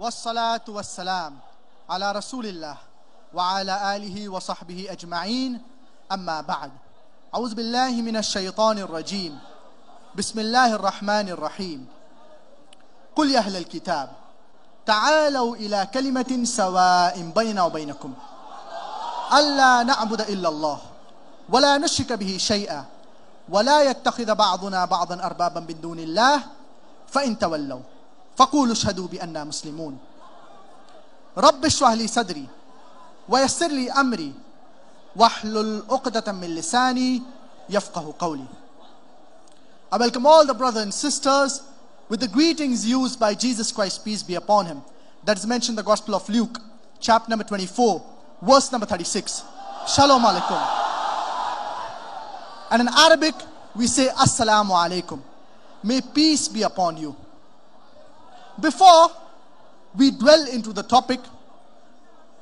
والصلاة والسلام على رسول الله وعلى آله وصحبه أجمعين أما بعد أعوذ بالله من الشيطان الرجيم بسم الله الرحمن الرحيم قل يا أهل الكتاب تعالوا إلى كلمة سواء بيننا وبينكم ألا نعبد إلا الله ولا نشرك به شيئا ولا يتخذ بعضنا بعضا أربابا من دون الله فإن تولوا فقولوا اشهدوا بأننا مسلمون رب اشرح لي صدري ويسر لي أمري واحلل عقدة من لساني يفقه قولي I welcome all the brothers and sisters with the greetings used by Jesus Christ, peace be upon him. That is mentioned in the Gospel of Luke, chapter number 24, verse number 36. Shalom alaikum. And in Arabic, we say Assalamu alaikum. May peace be upon you. Before we dwell into the topic,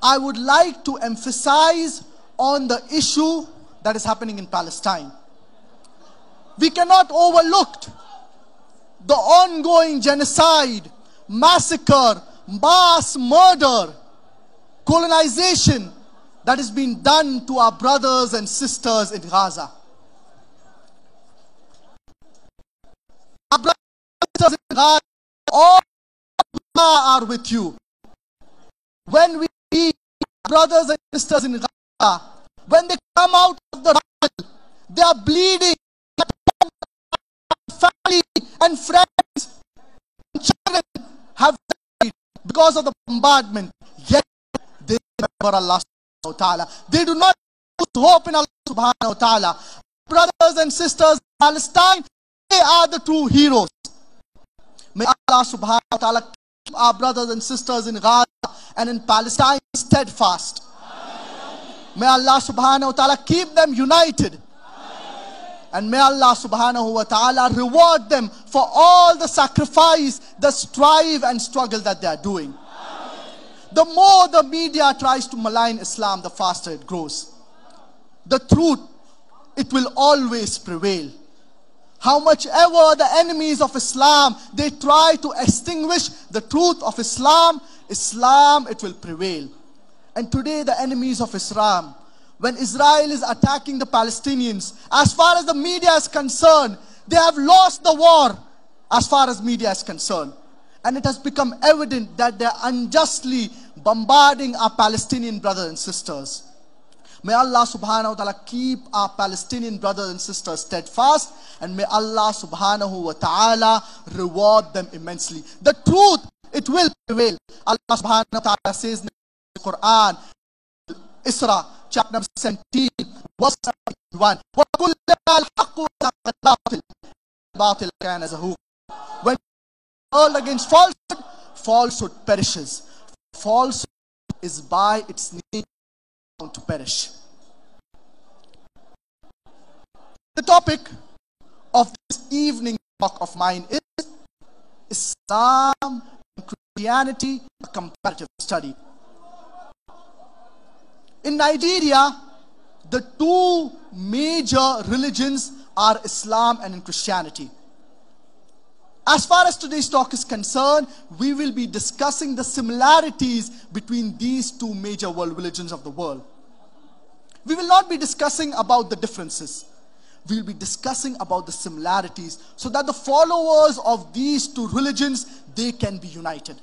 I would like to emphasize on the issue that is happening in Palestine. We cannot overlook the ongoing genocide, massacre, mass murder, colonization that is being done to our brothers and sisters in Gaza. Our brothers and sisters in Gaza, all are with you. When we see brothers and sisters in Gaza, when they come out of the battle, they are bleeding. Family and friends and children have died because of the bombardment. Yet they remember Allah subhanahu wa ta'ala. They do not lose hope in Allah subhanahu wa ta'ala. Brothers and sisters in Palestine, they are the true heroes. May Allah subhanahu wa ta'ala our brothers and sisters in Gaza and in Palestine steadfast. May Allah subhanahu wa ta'ala keep them united. And may Allah subhanahu wa ta'ala reward them for all the sacrifice, the strive and struggle that they are doing. The more the media tries to malign Islam, the faster it grows. The truth, it will always prevail. How much ever the enemies of Islam, they try to extinguish the truth of Islam, Islam, it will prevail. And today the enemies of Islam, when Israel is attacking the Palestinians, as far as the media is concerned, they have lost the war as far as media is concerned. And it has become evident that they are unjustly bombarding our Palestinian brothers and sisters. May Allah subhanahu wa ta'ala keep our Palestinian brothers and sisters steadfast and may Allah subhanahu wa ta'ala reward them immensely. The truth, it will prevail. Allah subhanahu wa ta'ala says in the Quran, Isra, chapter 17, verse 1. When all against falsehood, falsehood perishes. Falsehood is by its nature to perish. The topic of this evening talk of mine is Islam and Christianity, a comparative study. In Nigeria, the two major religions are Islam and Christianity. As far as today's talk is concerned, we will be discussing the similarities between these two major world religions of the world we will not be discussing about the differences. We'll be discussing about the similarities so that the followers of these two religions, they can be united.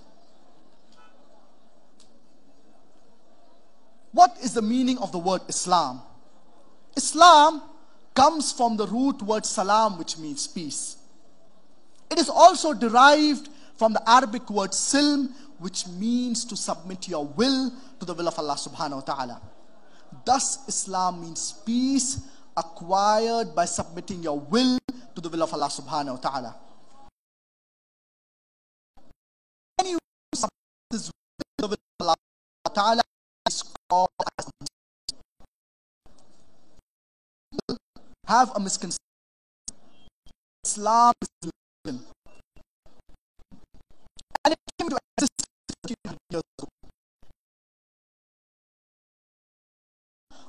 What is the meaning of the word Islam? Islam comes from the root word salam, which means peace. It is also derived from the Arabic word silm, which means to submit your will to the will of Allah subhanahu wa ta'ala. Thus, Islam means peace acquired by submitting your will to the will of Allah subhanahu wa ta'ala. is called as have a misconception. Islam is religion.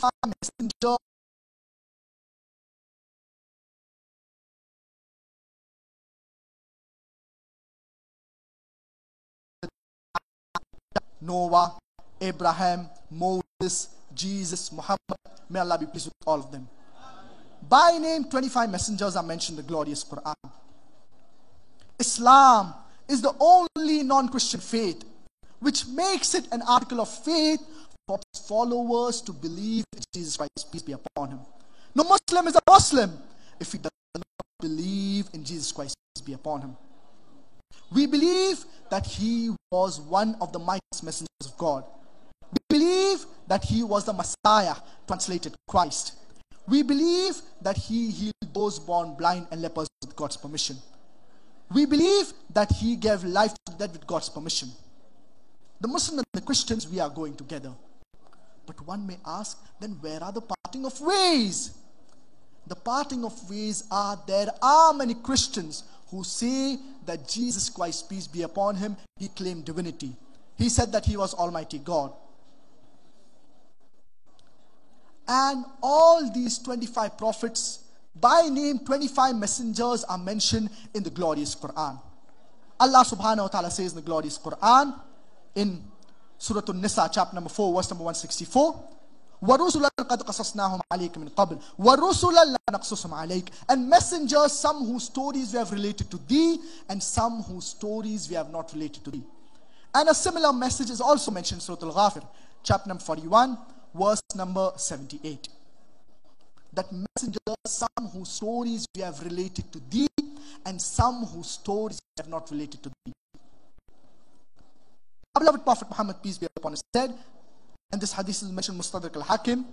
25 minutes in Noah, Abraham, Moses, Jesus, Muhammad. May Allah be pleased with all of them. By name, 25 messengers are mentioned in the glorious Quran. Islam is the only non Christian faith which makes it an article of faith followers to believe in Jesus Christ, peace be upon him. No Muslim is a Muslim if he does not believe in Jesus Christ, peace be upon him. We believe that he was one of the mightiest messengers of God. We believe that he was the Messiah, translated Christ. We believe that he healed those born blind and lepers with God's permission. We believe that he gave life to the dead with God's permission. The Muslims and the Christians, we are going together. But one may ask, then where are the parting of ways? The parting of ways are there are many Christians who say that Jesus Christ, peace be upon him, he claimed divinity. He said that he was Almighty God. And all these 25 prophets, by name 25 messengers, are mentioned in the glorious Quran. Allah subhanahu wa ta'ala says in the glorious Quran, in Surah An-Nisa, chapter number 4, verse number 164. قَصَصْنَاهُمْ عَلَيْكَ مِنْ عَلَيْكَ And messengers, some whose stories we have related to thee, and some whose stories we have not related to thee. And a similar message is also mentioned in Surah Al-Ghafir, chapter number 41, verse number 78. That messengers, some whose stories we have related to thee, and some whose stories we have not related to thee. Our beloved Prophet Muhammad, peace be upon him, said, and this hadith is mentioned Mustadrak al-Hakim,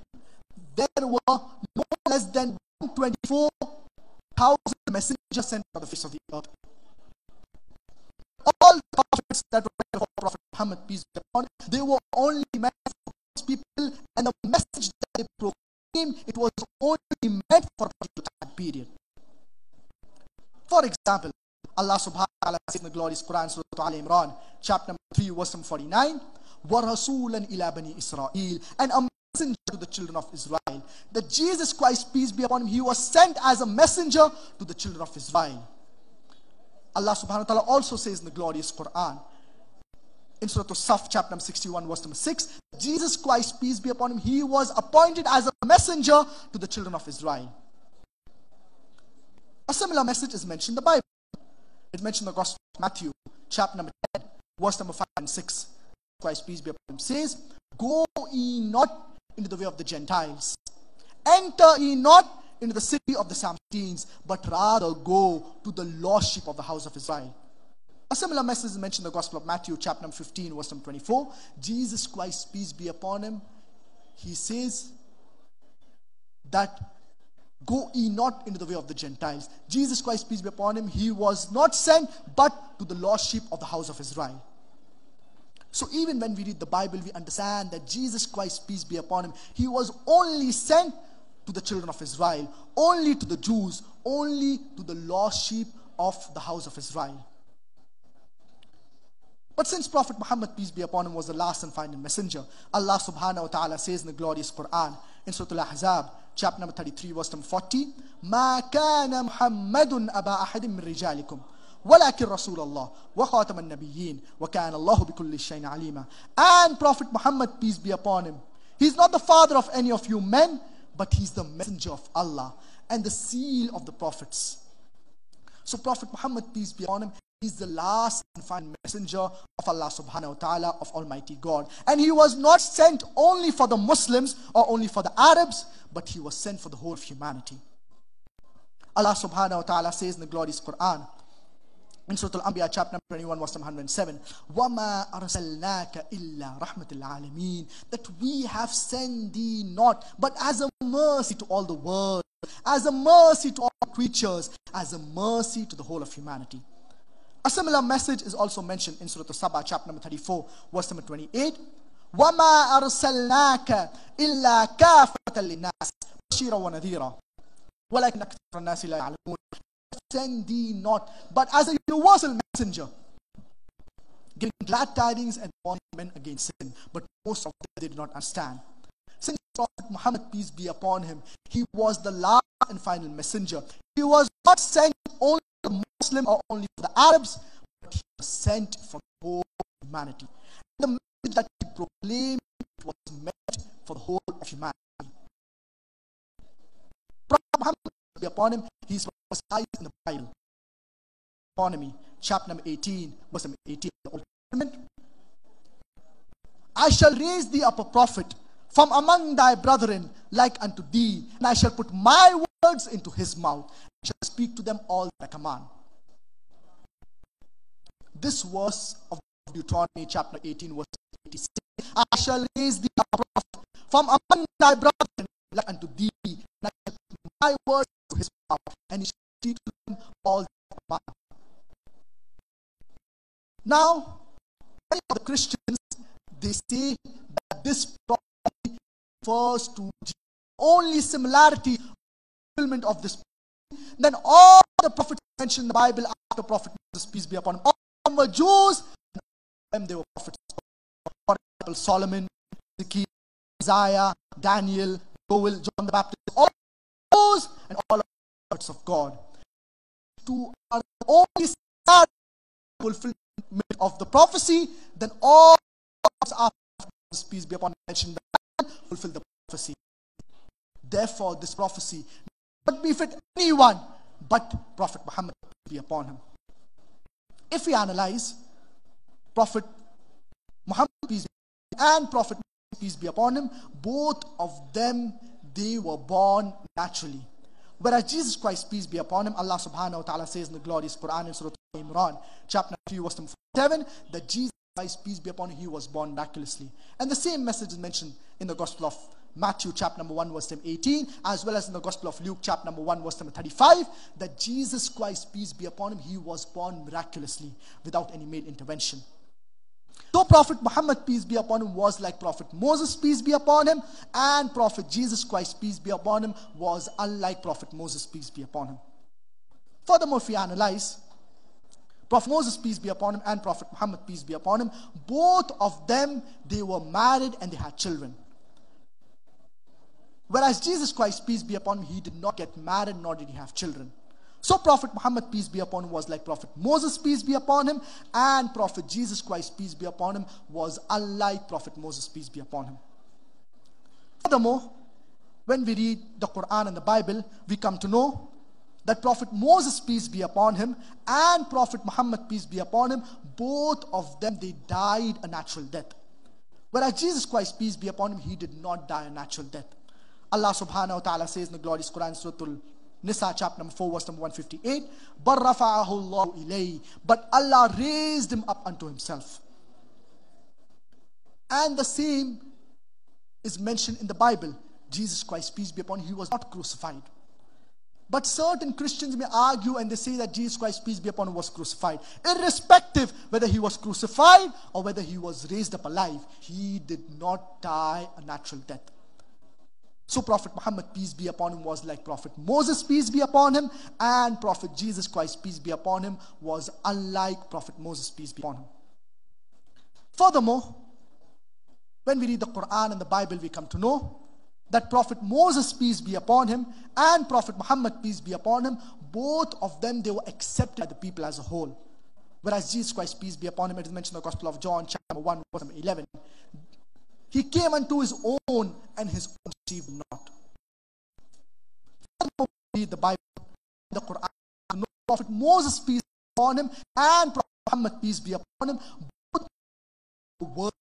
there were no less than 124,000 messengers sent by the face of the earth. All the prophets that were before Prophet Muhammad, peace be upon him, they were only meant for people and the message that they proclaimed, it was only meant for a particular time period. For example, Allah subhanahu wa ta'ala says in the glorious Quran, Surah Al Imran, chapter 3, verse 49, وَرَسُولًا إِلَى بَنِي إِسْرَائِيل And a messenger to the children of Israel. That Jesus Christ, peace be upon him, he was sent as a messenger to the children of Israel. Allah subhanahu wa ta'ala also says in the glorious Quran, in Surah Saf, chapter 61, verse number 6, Jesus Christ, peace be upon him, he was appointed as a messenger to the children of Israel. A similar message is mentioned in the Bible. It mentioned the Gospel of Matthew, chapter number 10, verse number 5 and 6. Christ, peace be upon him, says, Go ye not into the way of the Gentiles. Enter ye not into the city of the Samaritans, but rather go to the lordship of the house of Israel. A similar message is mentioned in the Gospel of Matthew, chapter 15, verse number 24. Jesus Christ, peace be upon him, he says that Go ye not into the way of the Gentiles. Jesus Christ, peace be upon him, he was not sent but to the lost sheep of the house of Israel. So even when we read the Bible, we understand that Jesus Christ, peace be upon him, he was only sent to the children of Israel, only to the Jews, only to the lost sheep of the house of Israel. But since Prophet Muhammad, peace be upon him, was the last and final messenger, Allah subhanahu wa ta'ala says in the glorious Quran, in Surah Al-Ahzab, chapter number 33, verse number 40. ما كان محمد أبا أحد من رجالكم ولكن رسول الله وخاتم النبيين وكان الله بكل شيء عليما. And Prophet Muhammad, peace be upon him. He's not the father of any of you men, but he's the messenger of Allah and the seal of the prophets. So Prophet Muhammad, peace be upon him, is the last and final messenger of Allah subhanahu wa ta'ala of Almighty God. And he was not sent only for the Muslims or only for the Arabs, but he was sent for the whole of humanity. Allah subhanahu wa ta'ala says in the glorious Quran, in Surah Al-Anbiya chapter 21 verse 107, وَمَا أَرْسَلْنَاكَ إِلَّا رَحْمَةِ الْعَالَمِينَ That we have sent thee not, but as a mercy to all the world, as a mercy to all creatures, as a mercy to the whole of humanity. A similar message is also mentioned in Surah Al-Sabah chapter number 34 verse number 28, وَمَا أَرْسَلْنَاكَ إلا كافة للناس بشيرا ونذيرا ولكن أكثر الناس لا يعلمون send not but as a universal messenger giving glad tidings and warning men against sin but most of them did not understand since prophet muhammad peace be upon him he was the last and final messenger he was not sent only for the muslim or only for the arabs but he was sent for the whole humanity the message that he proclaimed for the whole of humanity. Muhammad be upon him, he's prophesied in the Bible. Deuteronomy chapter number 18, verse number 18 the Old Testament. I shall raise thee up a prophet from among thy brethren like unto thee, and I shall put my words into his mouth, and shall speak to them all that I command. This verse of Deuteronomy chapter 18, verse 86. I shall raise thee up from among thy brethren, like unto thee, like I shall my words to his power, and he shall teach them all my Now, many of the Christians, they say that this prophecy refers to Only similarity fulfillment of this. Then all the prophets mentioned in the Bible after Prophet Moses, peace be upon him, all of them were Jews, and them they were prophets. For example, Solomon, Ezekiel, Isaiah, Daniel, Joel, John the Baptist, all those and all the words of God. To are only fulfillment of the prophecy, then all gods after peace be upon mentioned fulfill the prophecy. Therefore, this prophecy not befit anyone but Prophet Muhammad be upon him. If we analyze Prophet Muhammad peace and Prophet peace be upon him, both of them they were born naturally. Whereas Jesus Christ, peace be upon him, Allah subhanahu wa ta'ala says in the glorious Quran in Surah Al Imran, chapter 2, verse 7, that Jesus Christ, peace be upon him, he was born miraculously. And the same message is mentioned in the Gospel of Matthew, chapter number 1, verse 18, as well as in the Gospel of Luke, chapter number 1, verse number 35, that Jesus Christ, peace be upon him, he was born miraculously without any male intervention. Though Prophet Muhammad, peace be upon him, was like Prophet Moses, peace be upon him, and Prophet Jesus Christ, peace be upon him, was unlike Prophet Moses, peace be upon him. Furthermore, if we analyze, Prophet Moses, peace be upon him, and Prophet Muhammad, peace be upon him, both of them, they were married and they had children. Whereas Jesus Christ, peace be upon him, he did not get married, nor did he have children. So Prophet Muhammad, peace be upon him, was like Prophet Moses, peace be upon him, and Prophet Jesus Christ, peace be upon him, was unlike Prophet Moses, peace be upon him. Furthermore, when we read the Quran and the Bible, we come to know that Prophet Moses, peace be upon him, and Prophet Muhammad, peace be upon him, both of them, they died a natural death. Whereas Jesus Christ, peace be upon him, he did not die a natural death. Allah subhanahu wa ta'ala says in the glorious Quran, Surah Nisa chapter number 4 verse number 158. But rafa'ahu ilay. But Allah raised him up unto himself. And the same is mentioned in the Bible. Jesus Christ, peace be upon him, he was not crucified. But certain Christians may argue and they say that Jesus Christ, peace be upon him, was crucified. Irrespective whether he was crucified or whether he was raised up alive, he did not die a natural death. So Prophet Muhammad, peace be upon him, was like Prophet Moses, peace be upon him, and Prophet Jesus Christ, peace be upon him, was unlike Prophet Moses, peace be upon him. Furthermore, when we read the Quran and the Bible, we come to know that Prophet Moses, peace be upon him, and Prophet Muhammad, peace be upon him, both of them, they were accepted by the people as a whole. Whereas Jesus Christ, peace be upon him, it is mentioned in the Gospel of John, chapter 1, verse 11. He came unto his own, and his own received not. Read the Bible, the Quran. No prophet Moses peace be upon him, and Prophet Muhammad peace be upon him. Both were